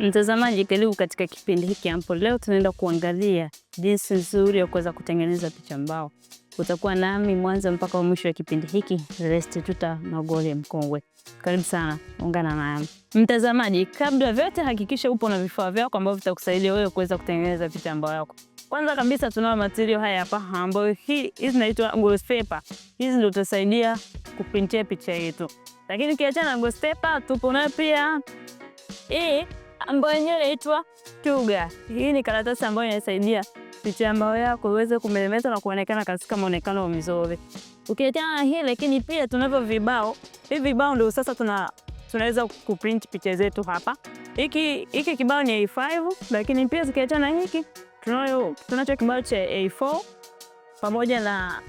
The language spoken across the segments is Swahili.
Mtazamaji, karibu katika kipindi hiki ambapo leo tunaenda kuangalia jinsi nzuri ya kuweza kutengeneza picha mbao. Utakuwa nami mwanzo mpaka mwisho wa kipindi hiki. Restituta Magole mkongwe, karibu sana, ungana nami. Mtazamaji, kabla vyote, hakikisha upo na vifaa vyako ambavyo vitakusaidia wewe kuweza kutengeneza picha mbao yako. Kwanza kabisa tunao material haya hapa ambayo hii hizi zinaitwa gloss paper. Hizi ndio tutasaidia kuprintia picha yetu, lakini kiachana na gloss paper tupo nayo pia hii ambayo yenyewe inaitwa Tuga. Hii ni karatasi ambayo inasaidia picha ya mbao yako iweze kumelemeta na kuonekana katika muonekano wa mzuri. Ukiachana na hii, lakini pia tunavyo vibao. Hivi vibao ndio sasa tuna tunaweza kuprint picha zetu hapa. Hiki hiki kibao ni A5, lakini pia zikiachana na hiki tunayo tunacho kibao cha A4 pamoja na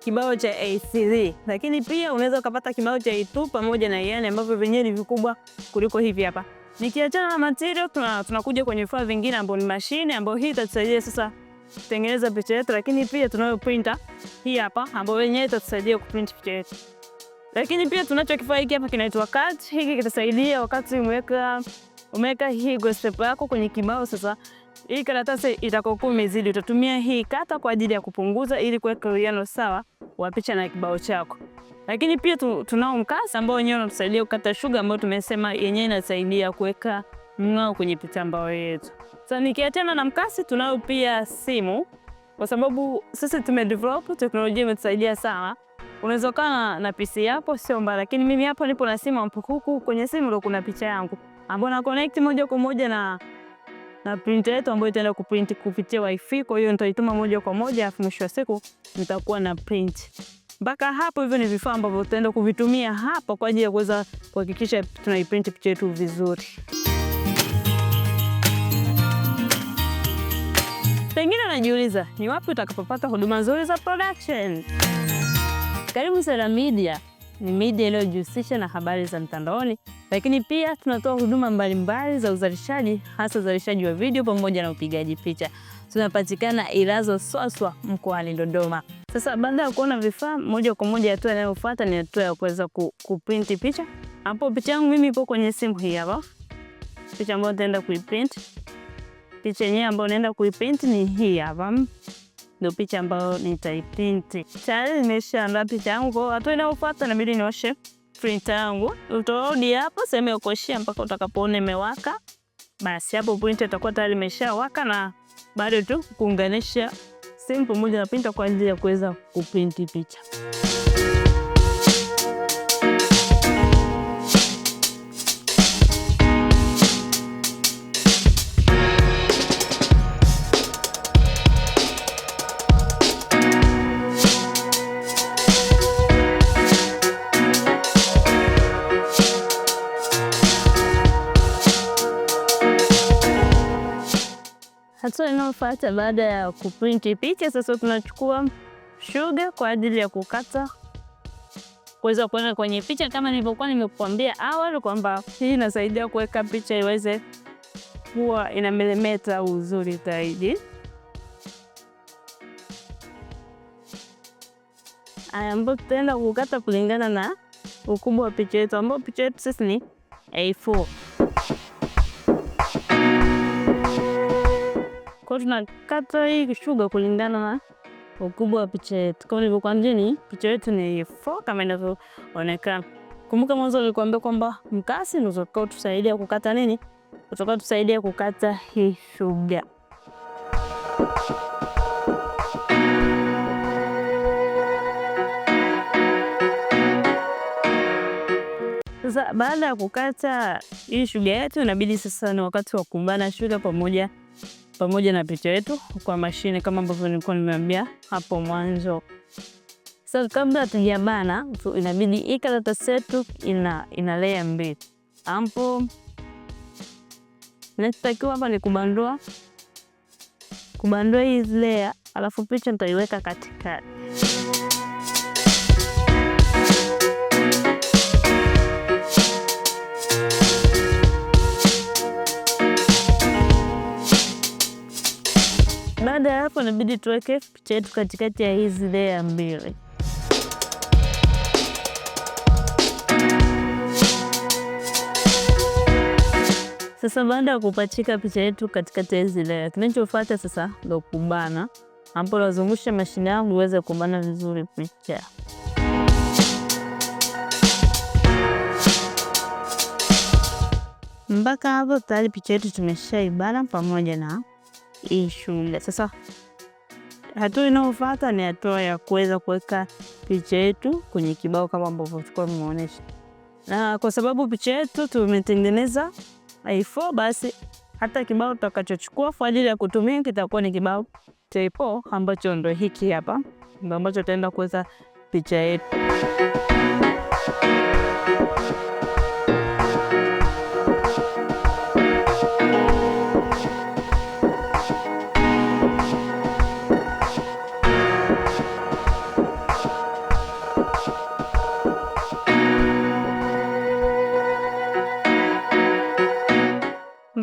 kibao cha A3, lakini pia unaweza ukapata kibao cha A2 pamoja na yani ambavyo vyenyewe ni vikubwa kuliko hivi hapa. Nikiachana na material, tunakuja kwenye vifaa vingine ambao ni mashine ambayo hii itatusaidia sasa kutengeneza picha yetu, lakini pia tunayo printer hii hapa ambayo yenyewe itatusaidia kuprint picha yetu. Lakini pia tunacho kifaa hiki hapa kinaitwa card. Hiki kitasaidia wakati umeweka umeweka hii gossip yako kwenye kibao sasa hii karatasi itakokuwa imezidi utatumia hii kata kwa ajili ya kupunguza ili kuweka uwiano sawa wa picha na kibao chako. Lakini pia tu, tunao mkasi ambao wenyewe unatusaidia kukata shuga ambayo tumesema yenyewe inasaidia kuweka mng'ao kwenye picha mbao yetu. Sasa so, nikiachana na mkasi tunao pia simu kwa sababu sasa tumedevelop teknolojia imetusaidia sana. Unaweza ukawa na PC yako sio mbaya, lakini mimi hapa nipo na simu ampukuku, kwenye simu ndio kuna picha yangu ambayo na connect moja kwa moja na na printer yetu ambayo itaenda kuprint kupitia wifi. Kwa hiyo nitaituma moja kwa moja, alafu mwisho wa siku nitakuwa na print. Mpaka hapo, hivyo ni vifaa ambavyo tutaenda kuvitumia hapa kwa ajili ya kuweza kuhakikisha tunaiprint picha yetu vizuri. Pengine unajiuliza ni wapi utakapopata huduma nzuri za production. Karibu Sera Media ni media inayojihusisha na habari za mtandaoni, lakini pia tunatoa huduma mbalimbali za uzalishaji, hasa uzalishaji wa video pamoja na upigaji picha. Tunapatikana Ilazo Swaswa mkoani Dodoma. Sasa baada ya kuona vifaa, moja kwa moja hatua inayofuata ni hatua ya kuweza kuprinti picha. Hapo picha yangu mimi ipo kwenye simu hii hapa, picha ambayo nitaenda kuiprint. Picha yenyewe ambayo naenda kuiprint ni hii hapa ndio picha ambayo nitaiprinti. Tayari nimeshaandaa picha yangu, hatua inayofuata nabidi nioshe printa yangu. Utarudi hapo sehemu ya kuoshea mpaka utakapoona imewaka. Basi hapo printa itakuwa tayari imeshawaka na bado tu kuunganisha sehemu pamoja na printa kwa ajili ya kuweza kuprinti picha. Hatua inayofuata baada ya kuprinti picha, sasa tunachukua shuga kwa ajili ya kukata kuweza kuweka kwenye picha, kama nilivyokuwa nimekuambia awali kwamba hii inasaidia kuweka picha iweze kuwa inameremeta uzuri zaidi. Aya, ambayo tutaenda kukata kulingana na ukubwa wa picha yetu, ambao picha yetu sisi ni A4. kwa tunakata hii shuga kulingana na ukubwa wa picha yetu. Kama nilivyokuambia ni picha yetu ni 4 kama inavyoonekana. Kumbuka mwanzo nilikwambia kwamba mkasi ndio utakao tusaidia kukata nini? Utakao tusaidia kukata hii shuga. Sasa baada ya kukata hii shuga yetu, inabidi sasa ni wakati wa kuungana shuga pamoja pamoja na picha yetu kwa mashine kama ambavyo nilikuwa nimeambia hapo mwanzo. Sasa kabla hatujabana, inabidi hii karatasi yetu ina, ina layer mbili ambapo nachotakiwa hapa ni kubandua kubandua hii layer, alafu picha nitaiweka katikati. Baada ya hapo, inabidi tuweke picha yetu katikati ya hizi layer mbili. Sasa baada ya kupachika picha yetu katikati ya hizi layer, kinachofuata sasa ndo kubana, ambapo nazungusha mashine yangu iweze kubana vizuri picha mpaka hapo tayari picha yetu tumeshaibana pamoja na hii shule. Sasa hatua inayofuata ni hatua ya kuweza kuweka picha yetu kwenye kibao kama ambavyo tulikuwa tumeonyesha, na kwa sababu picha yetu tumetengeneza A4, basi hata kibao tutakachochukua kwa ajili ya kutumia kitakuwa ni kibao A4 ambacho ndo hiki hapa, ndo ambacho tutaenda kuweka picha yetu.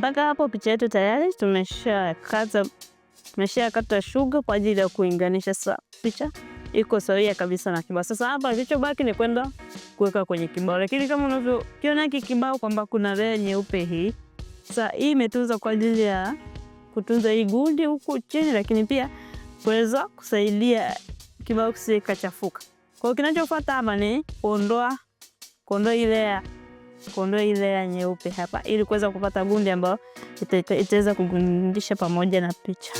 Mpaka hapo picha yetu tayari tumeshakata, tumeshakata shuga kwa ajili ya kuinganisha. Sasa picha iko sawia kabisa na kibao. Sasa hapa kilichobaki ni kwenda kuweka kwenye kibao, lakini kama unavyokiona hiki kibao kwamba kuna rea nyeupe hii. Sasa hii imetunza kwa ajili ya kutunza hii gundi huku chini, lakini pia kuweza kusaidia kibao kisikachafuka. Kwa hiyo kinachofuata hapa ni kuondoa kuondoa ile kuondoa ile ya nyeupe hapa, ili kuweza kupata gundi ambayo itaweza kugundisha pamoja na picha.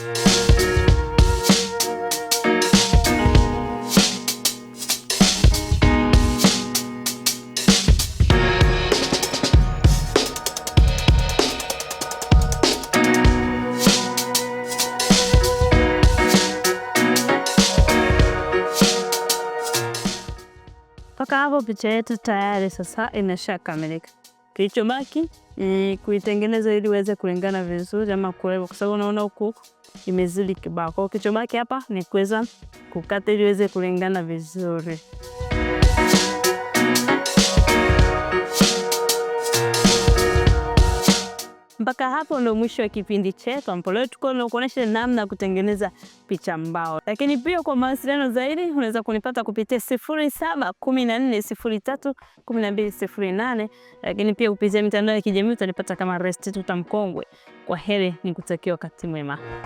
Mpaka hapo picha yetu tayari sasa imeshakamilika. Kilichobaki ni eh, kuitengeneza ili iweze kulingana vizuri ama kulaiva, kwa sababu unaona huku imezidi kibao. Kwa hiyo kilichobaki hapa ni kuweza kukata ili iweze kulingana vizuri. Mpaka hapo ndo mwisho wa kipindi chetu ambapo leo na kuonesha namna ya kutengeneza picha mbao. Lakini pia kwa mawasiliano zaidi unaweza kunipata kupitia nane lakini pia kupitia mitandao ya kijamii utanipata kama Restituta Mkongwe. Kwa heri, nikutakia wakati mwema.